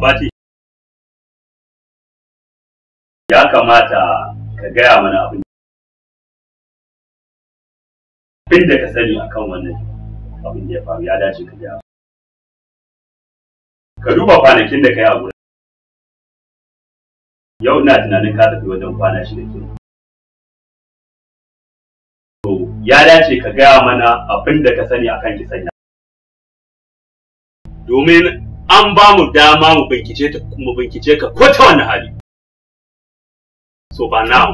babba ya kamata ka gaya mana abin abin da ka sani akan wannan abin da ya faru ya dace ka gaya ka duba kwanakin da ka yi a gurin yau ina tunanin ka tafi wajen kwana shi da ke to ya dace ka gaya mana abin da ka sani akan kisan domin an ba mu dama mu bincike ta mu bincike ka ko ta wani hali so ba now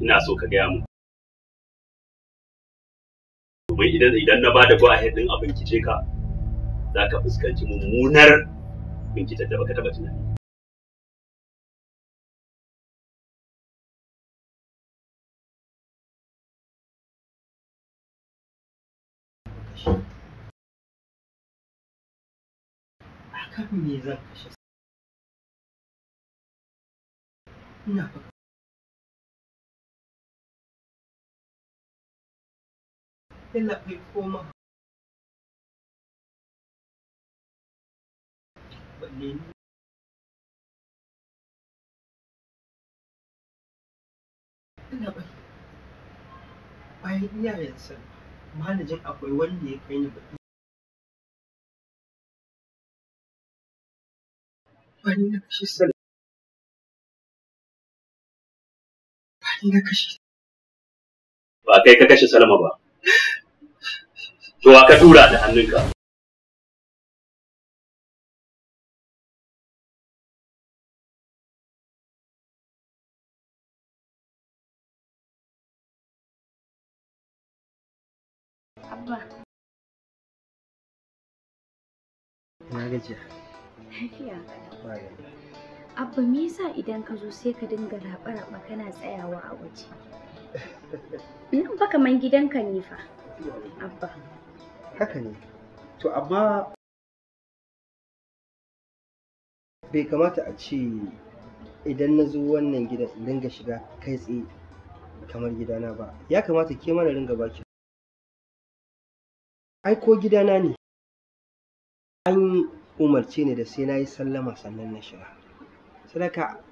ina so ka gaya mu domin idan idan na bada go ahead din a bincike ka zaka fuskanci mummunar bincike da baka taba tunani kan me zan kashe ina fa ina bai koma balle ni ina bai bayan iyayensa malajin akwai wanda ya kai ni baki amfani na kashe su amfani ba kai ka kashe salama ba to ka da hannunka Abba. Lafiya. Abba me yasa idan ka zo sai ka dinga raɓa-raɓa kana tsayawa a waje? Nan fa kaman gidanka ne fa. Abba. Haka ne. To amma bai kamata a ce idan na zo wannan gidan in dinga shiga kai tsaye kamar gidana ba. Ya kamata ke mana ringa baki. Ai ko gidana ne. An umarce ne da sai na yi sallama sannan na shiga sadaka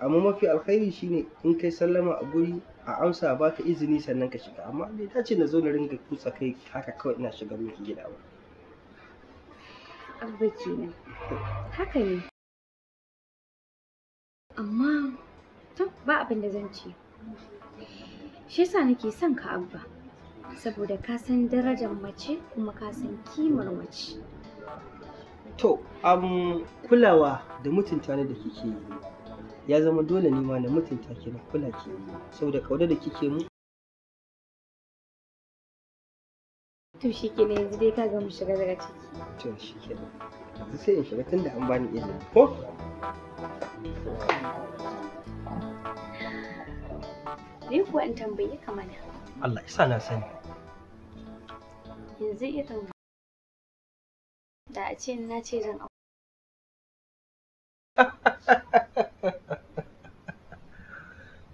amma mafi alkhairi shine in kai sallama a guri a amsa ba ka izini sannan ka shiga amma bai dace na zo na ringa kutsa kai haka kawai ina shiga miki gida ba abba kenan haka ne amma to ba abin da zan ce shi yasa nake son ka abba saboda ka san darajar mace kuma ka san kimar mace To, um, kulawa da mutunta da kike yi ya zama dole ne ma na mutunta ke na kula ki saboda kauda da kike mu. To shi ke yanzu dai ka mu shiga daga ciki. To shi ke yanzu sai in shiga tunda an bani izini ko? Ni kuwa in tambaye ka mana. Allah ya sa na sani. Yanzu irin da a ce na ce zan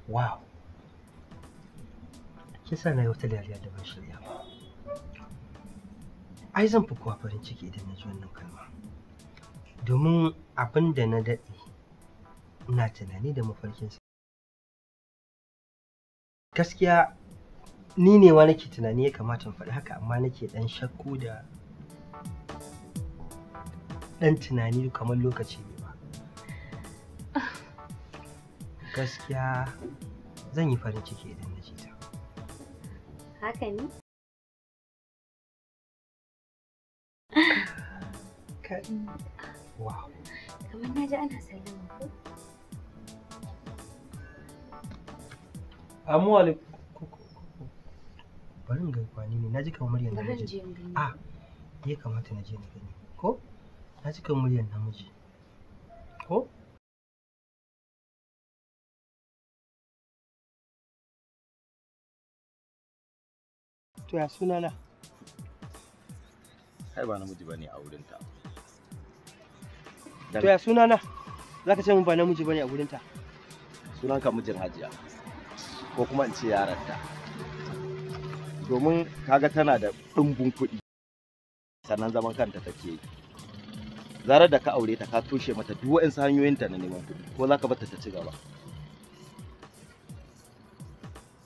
wow kisa na yi wata dariya da ban shirya ba ai zan fi kuwa farin ciki idan na ji wannan kalma domin abin da na daɗe ina tunani da mafarkinsa gaskiya ni ne wa nake tunani ya kamata in faɗi haka amma nake ɗan shakku da ɗan tunani kamar lokaci ne ba gaskiya zan yi farin ciki idan na ta haka ne wow kamar na ji ana sallama ko amu alaikum bari in ga ne na ji kamar yadda na ji a ah, ya kamata na je na gani ko ta cika muryar namiji ko to ya sunana kai ba namiji bane a wurin ta to ya sunana zaka ce mun ba namiji bane a wurin ta sunan ka mijin hajiya ko kuma in ce yaranta domin kaga tana da ɗumbin kuɗi sannan zaman kanta take yi zarar da ka aure ta ka toshe mata duk wa'insu hanyoyinta na neman kuɗi ko za ka bata ta ci gaba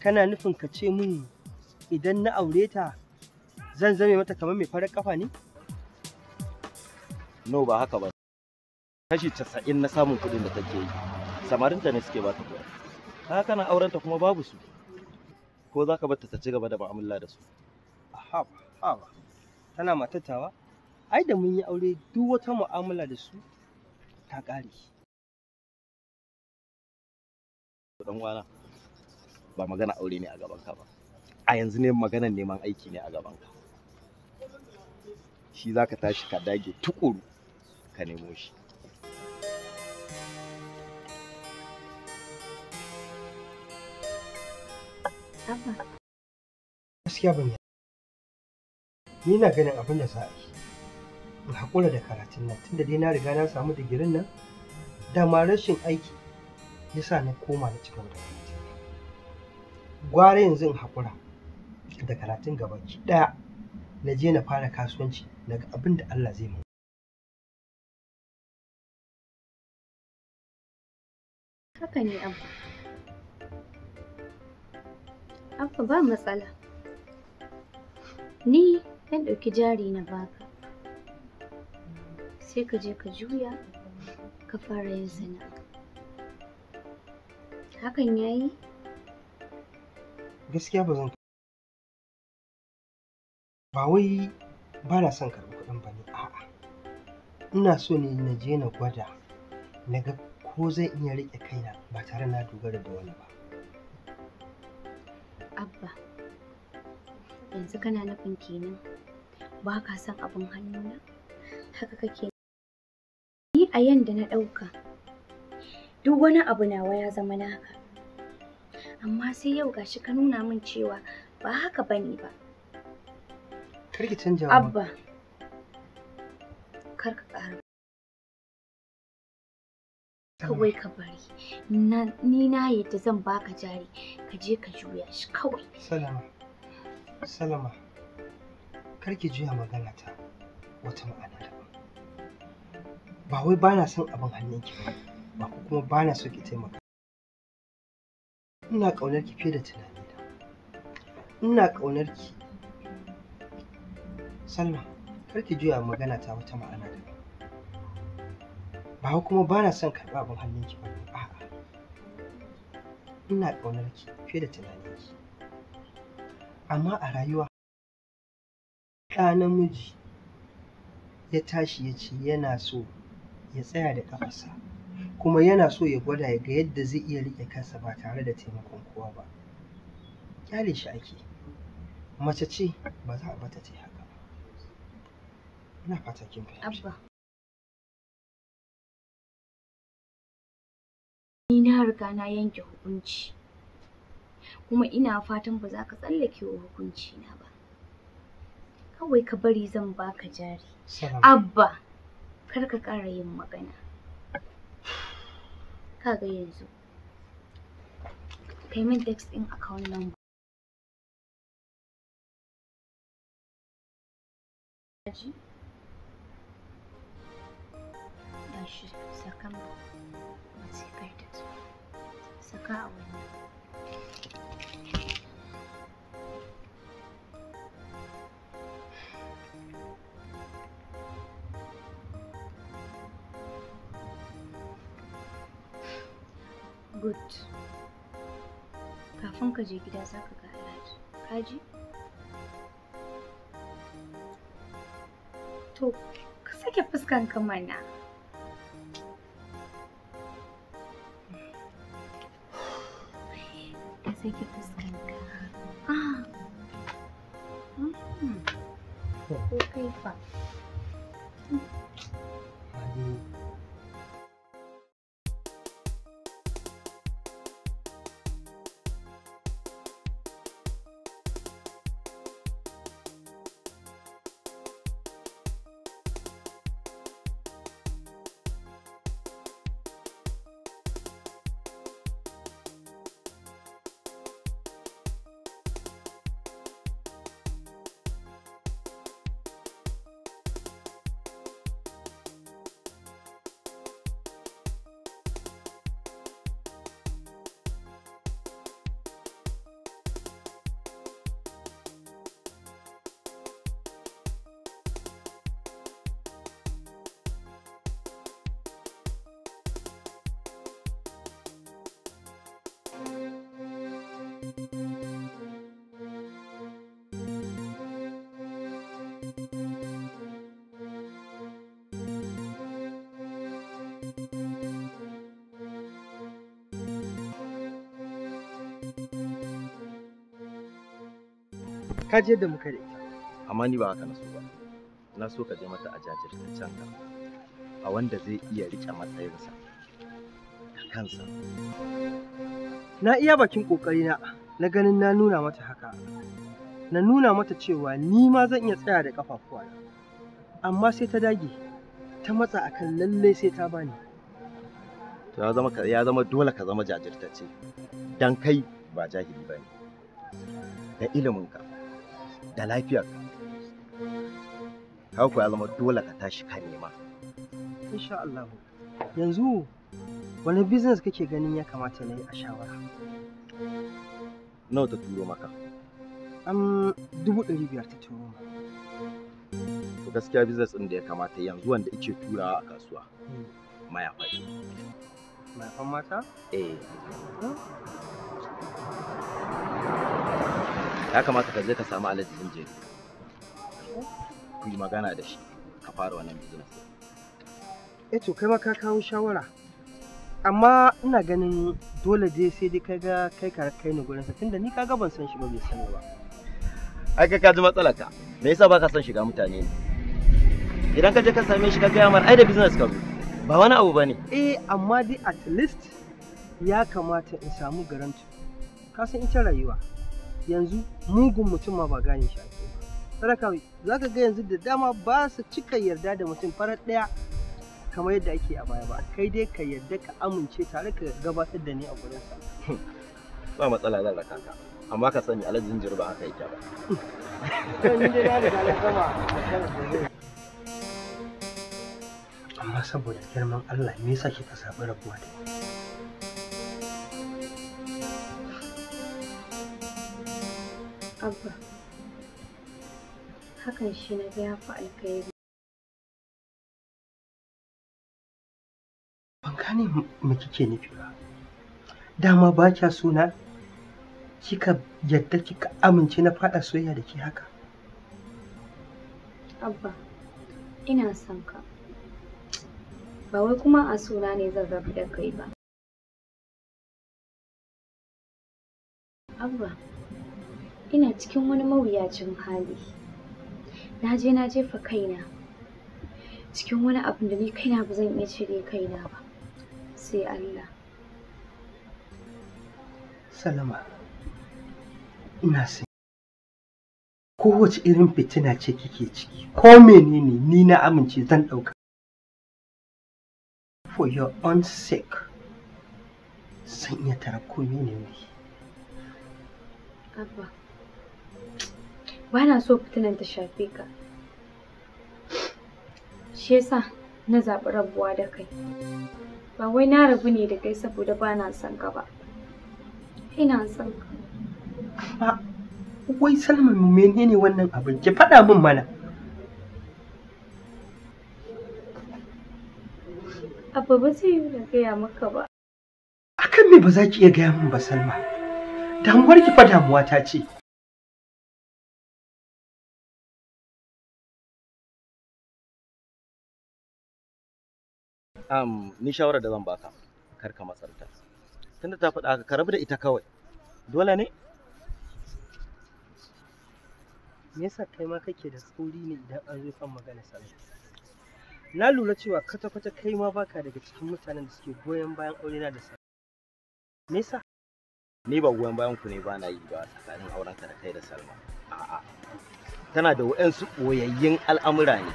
kana nufin ka ce min idan na aure ta zan zame mata kamar mai farar kafa ne no ba haka ba kashi casa'in na samun kuɗin da take yi samarinta ne suke bata kuwa. ka kana aurenta kuma babu su ko za ka bata ta ci gaba da mu'amala da su Aha, aha, tana matattawa ai da mun yi aure duk wata mu'amala da su ta ƙare wana ba magana aure ne a gaban ka ba a yanzu ne maganar neman aiki ne a gaban ka shi ka tashi ka dage tuƙuru ka nemo shi gaskiya ban ni na ganin abin da za a yi in da karatun nan tunda dai na riga na samu digirin nan da ma rashin aiki ya sa na koma na cigaba da karatu gwara yanzu in haƙura da karatun ki daya na je na fara kasuwanci daga abin da Allah zai mun haka ne Abu. abba ba matsala ni ɗan ɗauki jari na baka sai ka je ka juya ka fara yin zina hakan ya yi gaskiya ba zan ba wai ba na son karɓi kuɗin ba ne a'a ina so ne na je na gwada na ga ko zai iya riƙe kaina ba tare na dogara da wani ba abba yanzu kana nufin kenan ba ka son abin hannu na, haka kake a yanda na ɗauka duk wani abu nawa ya zama naka amma sai yau gashi ka nuna min cewa ba haka bane ba karki canja abba kar ka ƙara kawai ka bari ni na yadda zan baka jari ka je ka juya shi kawai salama salama kar ki juya magana ta wata ma'anar ba wai ba na son abin hannunki ba ko kuma ba na so ki taimaka ina ƙaunar ki fiye da tunani ina ƙaunar ki Sallah, kar ki juya magana ta wata ma'ana da ba kuma ba na son karɓa abin hannunki ba a'a ina ƙaunar ki fiye da tunanin ki amma a rayuwa ɗa namiji ya tashi ya ce yana so ya tsaya da ƙafarsa kuma yana so ya gwada ya ga yadda zai iya riƙe kansa ba tare da taimakon kowa ba kyale shi ake mace ce ba za a bata ta haka ba ina fata kin fahimci ni na riga na yanke hukunci kuma ina fatan ba za ka tsallake wa hukunci na ba kawai ka bari zan baka jari abba kar ka ƙara yin magana kaga yanzu kai min text ɗin account number saka a wannan Good. Kafin ka je gida za ka ga Alhaji. Kaji? To, ka sake fuskanka mana. Ka sake fuskanka. Ah. Hmm. Hmm. Ko kai fa. ka je da muka da ita amma ni ba haka na so ba na so ka je mata a jajirtaccen nan a wanda zai iya riƙe matsayinsa da kansa na iya bakin ƙoƙarina na ganin na nuna mata haka na nuna mata cewa ni ma zan iya tsaya da ƙafafuwa amma sai ta dage ta matsa akan lallai sai ta bani to ya zama ya zama dole ka zama jajirtacce dan kai ba jahili bane da ilimin ka da lafiyar ka ku zama dole ka tashi ka nema insha Allah yanzu wani business kake ganin ya kamata na yi a shawara nawa ta turo maka am dubu ɗari biyar ta turo maka to gaskiya business ɗin da ya kamata yanzu wanda ike turawa a kasuwa hmm. mayafai mayafan mata eh hmm. ya kamata ka je ka samu alhaji jeri ku yi magana da shi ka fara wannan business eh to kai ma ka kawo shawara amma ina ganin dole dai sai dai kai ga kai ka kai ni gurin sa tunda ni kaga ban san shi ba bai sani ba ai ka ji matsalar ka me yasa baka son shiga mutane ne idan ka je ka same shi ka gaya mar ai da business ka ba wani abu bane eh amma dai at least ya kamata in samu garanti ka san ita rayuwa yanzu mugun mutum ma ba gane shi ake sadaka za ka ga yanzu da dama ba su cika yarda da mutum farar ɗaya kamar yadda ake a baya ba kai dai ka yarda ka amince tare ka gabatar da ni a sa. ba matsala zan raka ka amma ka sani alhaji jinjir ba haka yake ba amma saboda girman Allah me yasa kika sabu rabuwa da ni Abba, hakan shi na ga ya Ban gane me kike nufi ba. Dama ba kya suna kika yadda kika amince na faɗa soyayya da ke haka. Abba, ina son ka. Ba wai kuma a suna ne zan rabu da kai ba. Abba. ina cikin wani mawuyacin hali na je na jefa kaina cikin wani abu da ni kaina ba zan iya cire kaina ba sai Allah Salama ina sai kowace irin fitina ce kike ciki ko menene ni na amince zan ɗauka for your own sake zan iya tara ko menene Abba ba na so fitinan ta shafe ka shi yasa na zaɓi rabuwa da kai ba wai na rabu ne da kai saboda ba na son ka ba ina son ka amma wai salman mu menene wannan abin ki faɗa min mana abu ba zai yi na gaya maka ba akan me ba za ki iya gaya min ba salma damuwar ki fa damuwa ta ce um, ni shawarar da zan baka kar ka ta. tunda ta faɗa ka rabu da ita kawai dole ne me yasa kai ma kake da sauri ne idan an zo kan magana sallah na lura cewa kwata-kwata kai ma baka daga cikin mutanen da suke goyon bayan na da sallah me yasa ni ba goyon bayan ku ne ba na yi ba tsakanin aurenka da kai da salma a'a tana da wa'ansu ɓoyayyun al'amura ne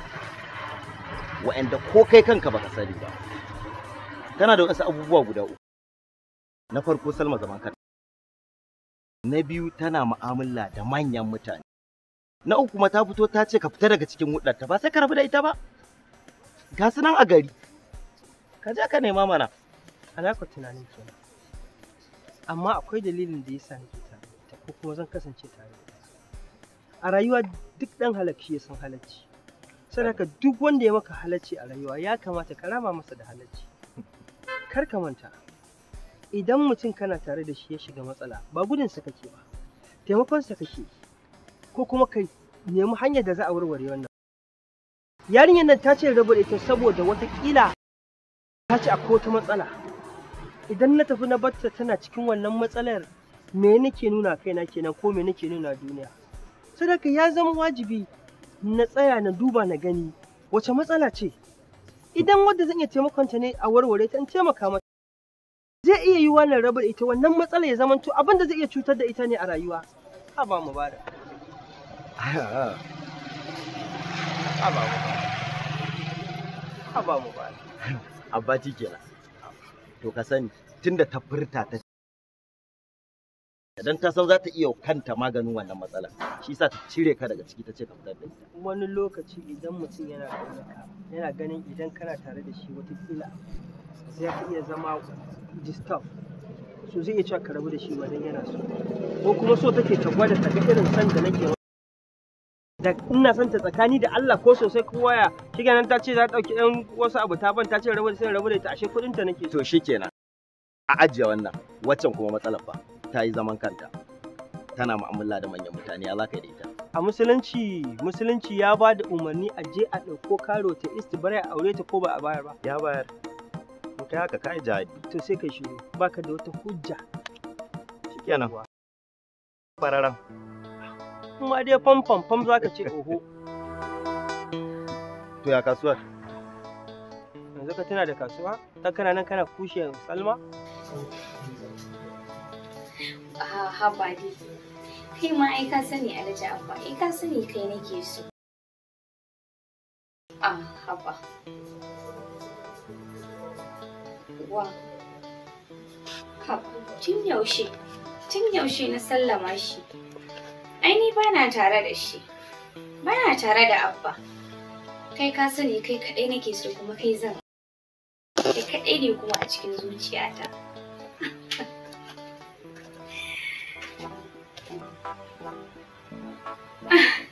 wa'anda ko kai kanka baka sani ba kana da wasu abubuwa guda uku na farko salma zaman kanta na biyu tana mu'amala da manyan mutane na uku kuma ta fito ta ce ka fita daga cikin hudarta ba sai ka rabu da ita ba ga su nan a gari ka je ka nema mana alaka tunanin kenan amma akwai dalilin da ya sa nake tare da ko kuma zan kasance tare da a rayuwa duk dan halacci ya san halacci sadaka duk wanda ya maka halacci a rayuwa ya kamata ka rama masa da halacci kar ka manta idan mutum kana tare da shi ya shiga matsala ba gudunsa kake ba taimakonsa kake ko kuma kai nemi hanyar da za a warware wannan yarinyar nan ta ce rabu da ita saboda watakila ta ce akwai wata matsala idan na tafi na batta tana cikin wannan matsalar me nake nuna kaina kenan ko me nake nuna duniya sadaka ya zama wajibi na tsaya na duba na gani wace matsala ce idan wadda zan iya taimakon ta ne a warware ta in taimaka mata zai iya yi wannan rabar ita wannan matsala ya zamanto abin da zai iya cutar da ita ne a rayuwa ha ba mu bada ha ba mu bada ha ba mu bada abba kenan to ka sani tunda ta furta ta Idan ta san za ta iya kanta maganin wannan matsala, shi sa ta cire ka daga ciki ta ce ka fitar da ita. Wani lokaci idan mutum yana ƙaunaka, yana ganin idan kana tare da shi wata kila za ka iya zama disturb. So zai iya cewa ka rabu da shi wajen yana so. Ko kuma so take ta gwada ta ga irin san da nake da ina son ta tsakani da Allah ko sosai ko waya nan ta ce za ta dauki ɗan wasu abu ta ban ta ce rabu da sai rabu da ita ashe kuɗin ta nake to shikenan a ajiye wannan waccan kuma matsalar ba ta yi zaman kanta tana mu'amala da manyan mutane ya za ka yi da ita a musulunci musulunci ya ba da umarni a je a ɗauko karo ta istibara a aure ta ko ba a bayar ba ya bayar in kai haka kai jihadi to sai ka shiru baka da wata hujja shikenan fararan kuma dai fam fam fam zaka ce oho to ya kasuwar yanzu ka tana da kasuwa ta kana nan kana kushe salma Ah, haba dai kai ma ai ka sani alhaji abba ai ka sani kai nake so a ah, haba wa tun yaushe tun yaushe na sallama shi Aini ni bana tare da shi bana tare da abba kai ka sani kai kadai nake so kuma kai zan kai kaɗai ne kuma a cikin zuciyata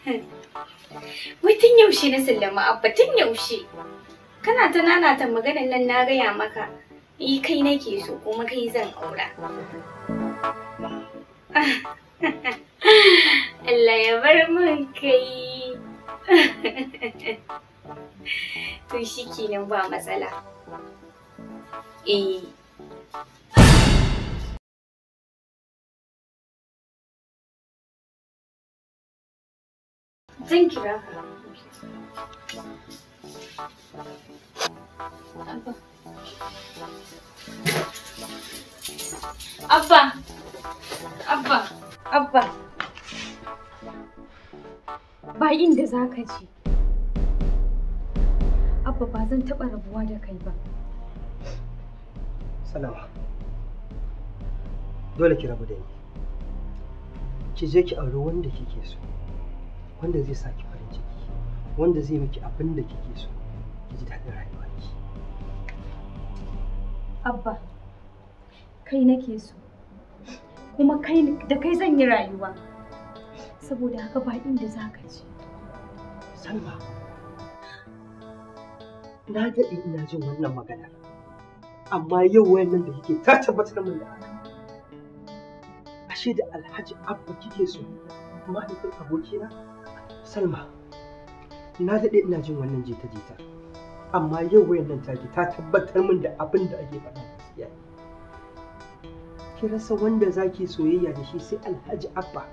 Wai tun yaushe na sallama abba tun yaushe. Kana ta ta maganar nan na gaya maka. Ni kai nake so kuma kai zan aura. Allah ya bar mun kai. To shi kenan ba matsala. Eh. Thank you. Abba. Abba. Abba. Abba. Ba inda za ka je. Abba ba zan taɓa rabuwa da kai ba. Salama. Dole ki rabu da ni. Ki je ki auri wanda kike so. wanda zai sa ki farin ciki wanda zai miki abin da kike so ki ji daɗin ki abba kai nake so kuma kai da kai zan yi rayuwa saboda haka ba inda za ka ci. salma na daɗe ina jin wannan magana amma yau nan da kike ta tabbatar min da haka ashe da alhaji abba kike so mahaifin abokina Salma, na daɗe ina jin wannan jita-jita, amma yau wayan nan take ta tabbatar min da abin da ake faɗa gaskiya. Ki rasa wanda za ki soyayya da shi sai Alhaji Abba,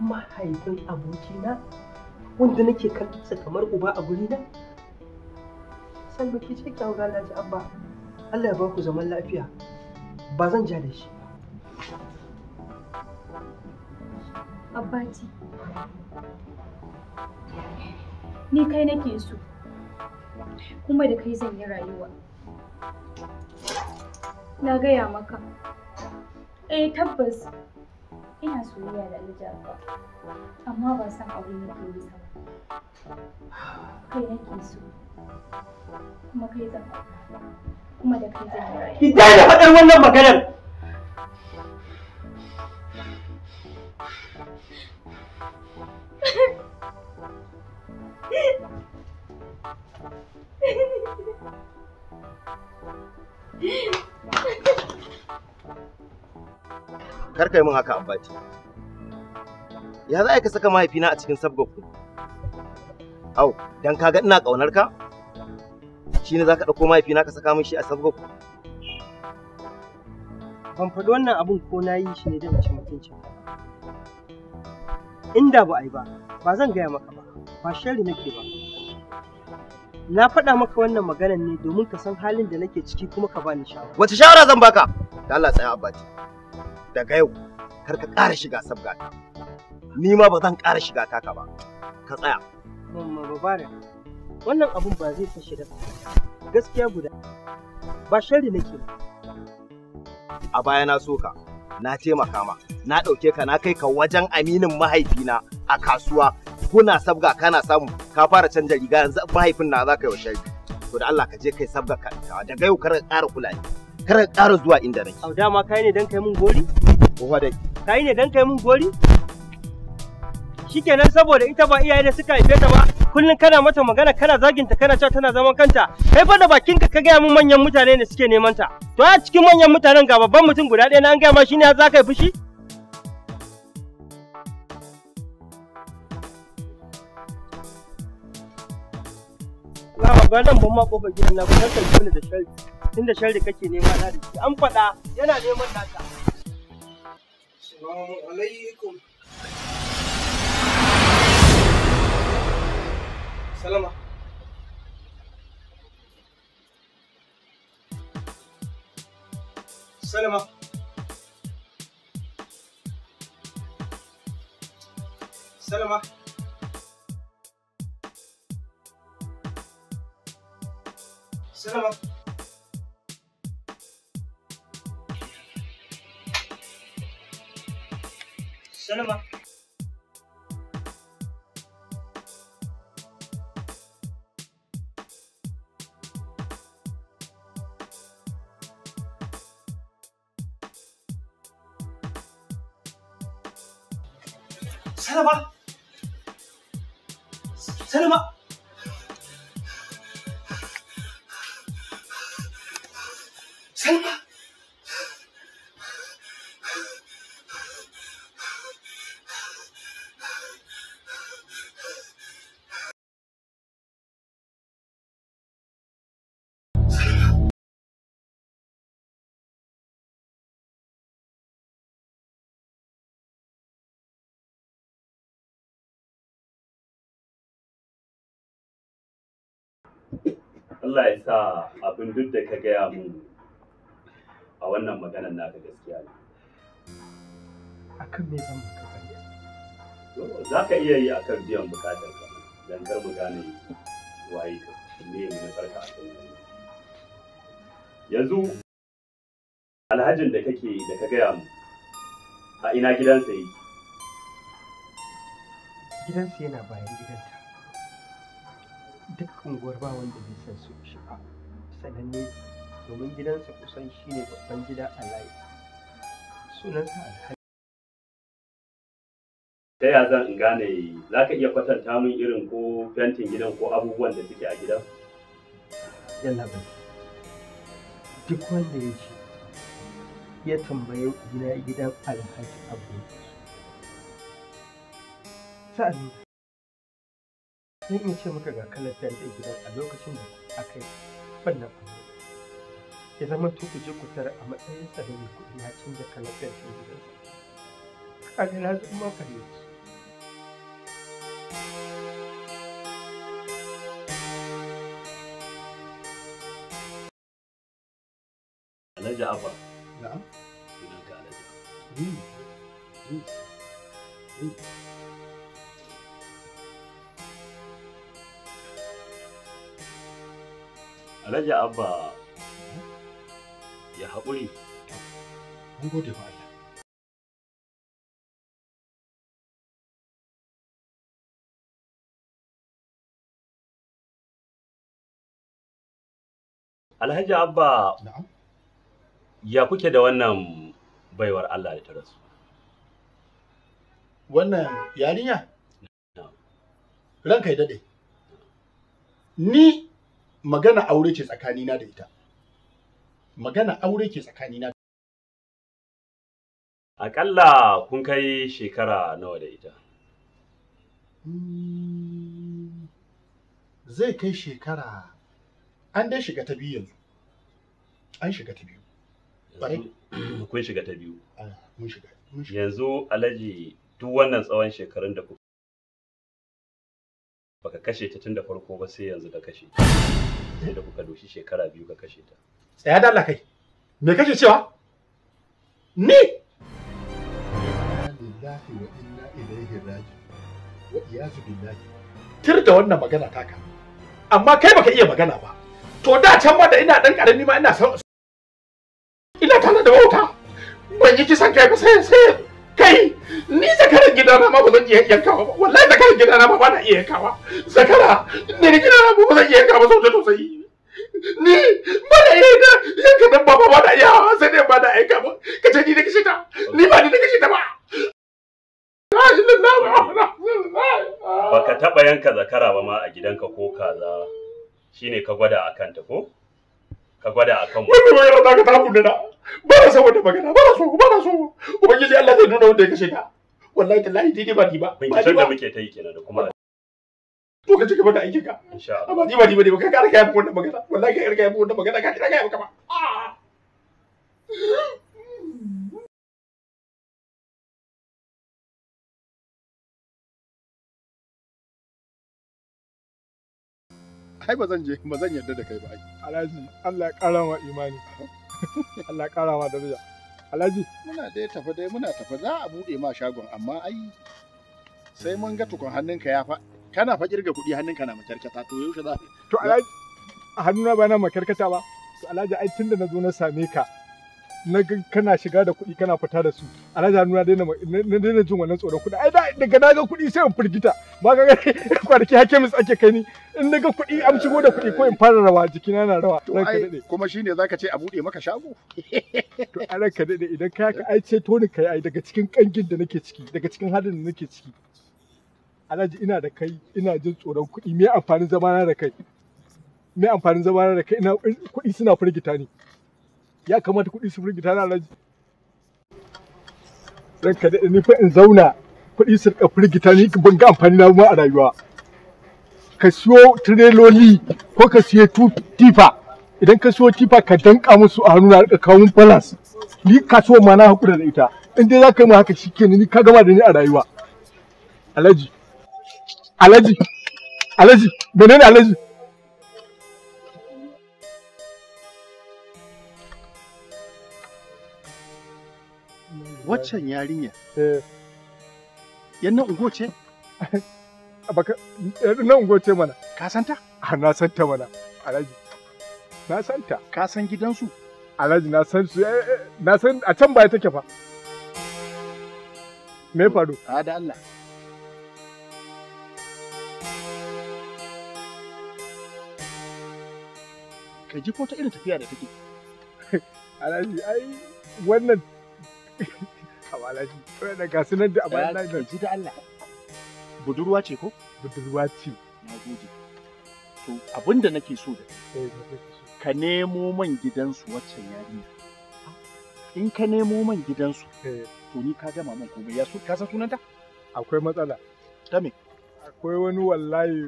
mahaifin abokina, wanda nake kallonsa kamar uba a na. Salma ki ce ki aura Alhaji Abba, Allah ya ba ku zaman lafiya, ba zan ja da shi. Abbaji, ni kai nake so, kuma da kai zan yi rayuwa. Na gaya maka, eh tabbas ina soyayya da Alhaji Abba, amma ba san aure nake yi ba. Kai nake so, kuma kai zan kuma da kai zan yi rayuwa. Ki daina faɗar wannan maganar! Karka yi min haka abati. Ya za a ka saka mahaifina a cikin sabgar ku? Au, dan kaga ina ƙaunar ka? Shi ne za ka ɗauko mahaifina ka saka min shi a sabgar ku? Ban faɗi wannan abin ko na yi shi ne don cikin mutuncin inda ba a yi ba ba zan gaya maka ba ba shari nake ba na faɗa maka wannan maganan ne domin ka san halin da nake ciki kuma ka bani shawara wace shawara zan baka da Allah tsaya abaji daga yau kar ka ƙara shiga sabgata. ni ma ba zan ƙara shiga taka ba ka tsaya mamma babare wannan abun ba zai fashe da gaskiya guda ba shari nake ba a baya na soka na taimaka ma na ɗauke ka na kai ka wajen aminin mahaifina a kasuwa kuna sabga kana samu ka fara canja riga yanzu mahaifin na za ka yi wa shari to da Allah ka je kai sabga ka daga yau kar ka ƙara kula kar ka ƙara zuwa inda nake au dama kai ne dan kai mun gori ko dai kai ne dan kai mun gori shikenan saboda ita ba iyaye da suka haife ta ba kullum kana mata magana kana zaginta kana cewa tana zaman kanta kai fa da bakinka ka gaya mun manyan mutane ne suke neman ta to a cikin manyan mutanen ga babban mutum guda ɗaya na an gaya ma shine za ka yi fushi Lama ga nan ban ma kofar gidan na kusan kuna da sharri inda shari kake nema na da shi an faɗa yana neman naka. Assalamu alaikum. Salama. Salama. Salama. Salama. Allah ya sa abin duk da ka gaya mu a wannan maganar naka gaskiya ne. Akan me zan maka bayyana? Za ka iya yi akan biyan bukatar ka don kar mu gane waye ka me mu na farka a kan Yanzu alhajin da kake da ka gaya mu a ina gidansa yake? Gidansa yana bayan gidansa. duk unguwar ba wanda bai san su shi sananne domin gidansa kusan shi ne babban gida a layi sunansa alhaji ta ya zan in gane za ka iya kwatanta min irin ko fentin gidan ko abubuwan da suke a gidan yalla bai duk wanda ya ce ya tambaye gina gidan alhaji abu sa'an sai in ce maka ga kalar tarihar gidan a lokacin da aka yi wannan abu ya zama to ku je ku tara a matsayin sa da kuɗi ya canza kalar tarihar ka kaga na zama fahimci abba ya haƙuri. Mun gode ba Allah. Alhaji Abba, ya kuke da wannan baiwar Allah da ta rasu? Wannan yarinya? Ranka ya daɗe. Ni magana aure ce tsakanina da ita magana aure ke tsakanina aƙalla kun kai shekara nawa da ita hmm, zai kai shekara an dai shiga ta biyu yanzu an shiga ta biyu kun shiga ta biyu ah, yanzu alaji duk wannan tsawon shekarun da kuka baka kashe ta tun da farko ba sai yanzu da kashe sai da kuka doshi shekara biyu ka kashe ta tsaya da Allah kai me kake cewa ni lillahi tir da wannan magana taka amma kai baka iya magana ba to da can ma da ina dan karami ma ina ina tana da wauta ban yi kisan kai ba sai sai kai ni zakara gidana ma ba zan iya yankawa ba wallahi zakara gidana ma ba na iya yankawa zakara ne ni gidana ma ba zan iya yankawa sau da tausayi ni ba na iya yanka yanka dan baba ba na iya hawa sai dai ba na aika ba ka ce ni da kashe ta ni ba ni da kashe ta ba ba ka taba yanka zakara ba ma a gidanka ko kaza shine ka gwada akan ta ko ka gwada a kan wannan magana ta ka ta kudina ba na san wata magana ba na so ba na so ubangiji Allah zai nuna wanda ya kashe ta wallahi tallahi dai dai ba ni ba ba ni ba muke ta yi kenan da kuma to ka cigaba da aikin ka insha Allah ba ni ba ni ba ka ka yarka wannan magana wallahi ka yarka yafi wannan magana ka kira ka yafi kama ai ba zan je ba zan yarda da kai ba ai alhaji Allah ya kara ma imani Allah ya kara ma daraja alhaji muna dai tafi dai muna tafi za a bude ma shagon amma ai sai mun ga tukun hannunka ya fa kana fa kirga kudi hannunka na makarkata to yaushe za to alhaji hannuna ba na makarkata ba alhaji ai tunda na zo na same ka na kana shiga da kuɗi kana fita da su alhaji hannu na daina na daina jin wannan tsoron kuɗi ai daga na ga kuɗi sai in firgita ba ka ga kwanaki hakemis ake kai ni in na ga kuɗi an shigo da kuɗi ko in fara rawa jikina na rawa to ai kuma shine zaka ce a buɗe maka shago to a ranka daɗe idan ka ka ai ce to ni kai ai daga cikin kangin da nake ciki daga cikin halin da nake ciki alhaji ina da kai ina jin tsoron kuɗi me amfanin zamana da kai me amfanin zamana da kai ina kuɗi suna firgita ni ya kamata kuɗi su firgita na alhaji ran ka ni fa in zauna kuɗi su rika firgita ni ban ga amfani na mu a rayuwa ka siyo tireloli ko ka siyo tifa idan ka siyo tifa ka danka musu a hannu na rika kawo balance ni kasuwa ma na haƙura da ita in dai za ka yi mu haka shikenan ni ka gama da ni a rayuwa alhaji alhaji alhaji menene alhaji waccan yarinya eh. yan nan ungo ce baka eh, nan ungo ce mana ka santa a na santa mana alhaji na santa ka san gidansu alhaji na san su eh, na san a can baya take fa me faru a ah, da Allah ka ji ko ta irin tafiya da take alhaji ai wannan Walaji, wadda ga sunan da abin nan nan. Ji da Allah. Budurwa ce ko? Budurwa ce. Na gode. To abin da nake so da eh, ka nemo man gidansu waccan yarinya. In ka nemo man gidansu, eh. to ni ka gama man komai. Ya ka san sunanta? Akwai matsala. Ta me? Akwai wani wallahi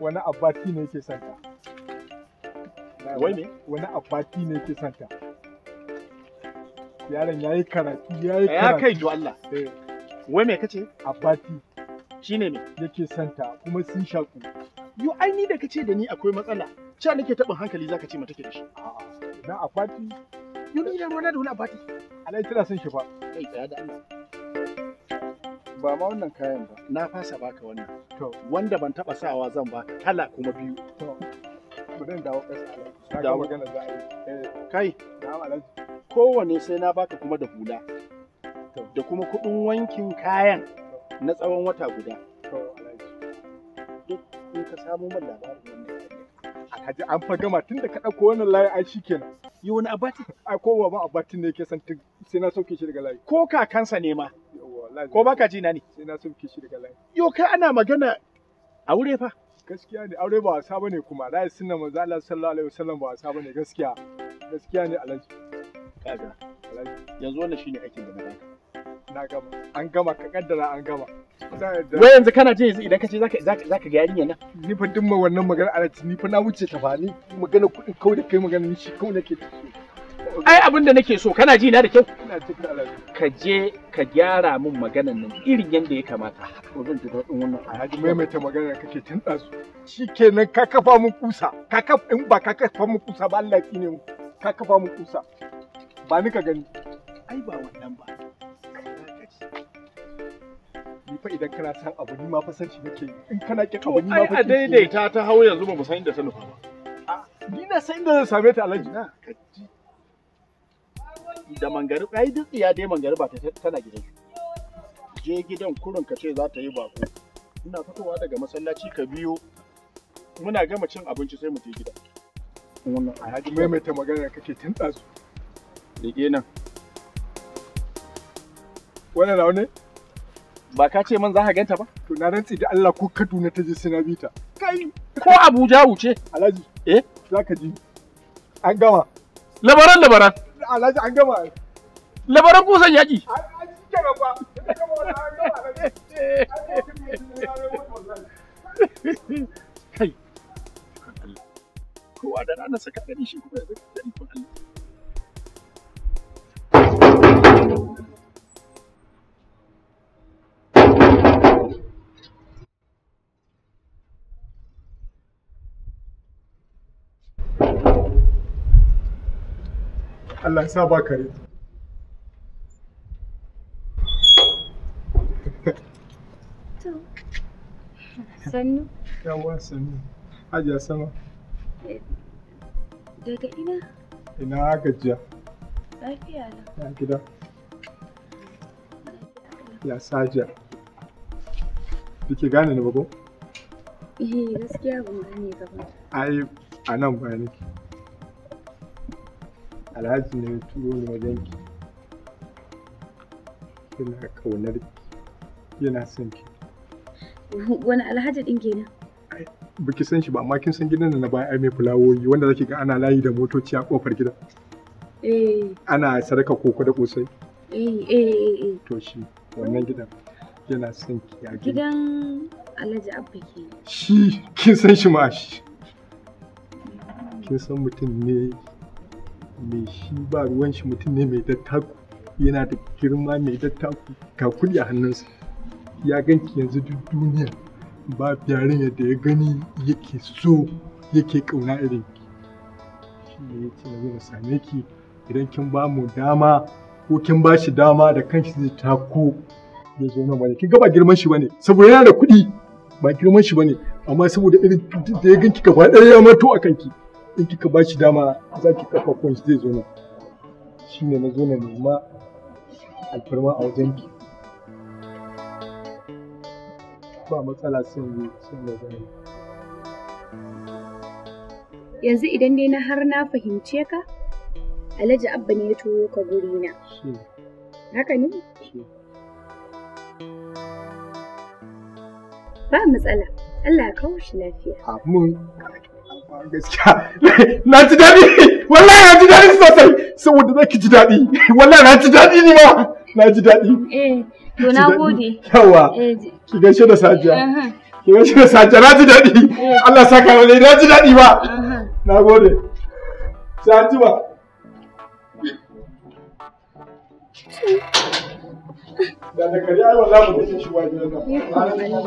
wani abati ne yake santa. Wai me? Wani abati ne yake santa. yaron yayi karatu yayi karatu ya kai ju eh. wai me kace abati shine me yake santa kuma sun shaku yo ai ni da kace da ni akwai matsala cewa nake tabin hankali zaka ce mata ke da shi a'a dan akwati yo ni da wani da wani abati alai tana son shi fa kai tsaya da Allah ba ma wannan kayan ba na fasa baka wannan to wanda ban taba sawa zan ba kala kuma biyu to bari dawo kasa dawo magana za a yi eh. kai da alaji kowane sai na baka kuma da hula da kuma kuɗin wankin kayan na tsawon wata guda duk in ka samu man labarin wannan kaji an fa gama tun da ka ɗauko wannan layi ai shi kenan yi wani abati a kowa ba abatin ne ke san tun sai na sauke shi daga layi ko kakansa ne ma ko baka ji na ne sai na sauke shi daga layi yo kai ana magana aure fa gaskiya ne aure ba wasa bane kuma layi sunna manzo Allah sallallahu alaihi wasallam ba wasa bane gaskiya gaskiya ne alaji kaga yanzu wannan shine aikin da na baka na gama an gama ka kaddara an gama wai yanzu kana jin yanzu idan ka ce zaka ga yarinya na ni fa dimma wannan magana ana ni fa na wuce ta fa ni magana kuɗin kawai da kai magana ni shi kawai nake ai abin da nake so kana ji na da kyau ka je ka gyara min maganan nan irin yadda ya kamata ko zan ji daɗin wannan alhaji maimaita magana kake tun ɗazu shikenan ka kafa mun kusa ka kafa in ba ka kafa mun kusa ba Allah ya ne mu ka kafa mun kusa ba ni ka gani ai ba wannan ba ni fa idan kana san abu ni ma fa san shi nake in kana ki abu ni ma fa ai a daidaita ta hau yanzu ba mu san inda ta nufa ba ni na san inda zan same ta alaji. na da mangari ai duk ya dai mangari ba ta tana gidan shi. je gidan kurin ka ce za ta yi bako ina fitowa daga masallaci ka biyo muna gama cin abinci sai mu je gida wannan alhaji maimaita magana kake tun ɗazu Rike nan. Wannan nawa ne? Ba ka ce man za ka ganta ba? To na rantsi da Allah ko Kaduna ta je sai na bita. Kai ko Abuja wuce? Alhaji. Eh? Za ka ji. An gama. Labaran labaran. Alhaji an gama. Labaran kusan yaki. An gama ba. Kai. Kowa da rana saka gani shi kuma ya zaka da ikon Allah. Allah ya sa ba kare sannu yawa sannu hajiya sama eh, daga ina ina gajiya lafiya na ya gida ya sajiya Kike gane ni babo? Eh gaskiya ban gane ba. Ai anan ba nake. alhaji ne ya turo ni wajen ki yana kaunar ki yana son ki wani alhaji din kenan baki san shi ba amma kin san gidan da na baya ai mai fulawoyi wanda zaki ga ana layi da motoci a kofar gidan eh ana sadaka koko da kosai eh eh, eh eh eh to shi wannan gidan yana son ki ya gidan Alhaji Abba ke shi kin san shi ma shi kin san mutum ne mai shi ba ruwan shi mutum ne mai dattaku yana da girma mai dattaku ga kuɗi a hannunsa ya ganki yanzu duk duniya ba yarinya yadda ya gani yake so yake kauna irin shi ne ya ce na same ki idan kin ba mu dama ko kin ba shi dama da kanshi zai tako ya zo nan bane kin ga ba girman shi bane saboda yana da kuɗi ba girman shi bane amma saboda irin da ya ganki gaba ɗaya ya mato a kanki in kika ba shi dama za ki kafa kun zai zo ne shi ne na zo na nema alfarma a wajen ki ba matsala sun yi sun da zai yanzu idan dai na har na fahimce ka alhaji abba ne ya turo ka guri na haka ne ba matsala Allah ya kawo shi lafiya. Amin. gaskiya na ji daɗi wallahi na ji daɗi sosai saboda za ki ji daɗi wallahi na ji daɗi ni ma na ji daɗi eh to na gode yawa eh, ki gaishe da sajiya eh, eh. ki gaishe da sajiya na ji daɗi Allah sa ka wale na ji daɗi ba na gode da da wallahi shi wajen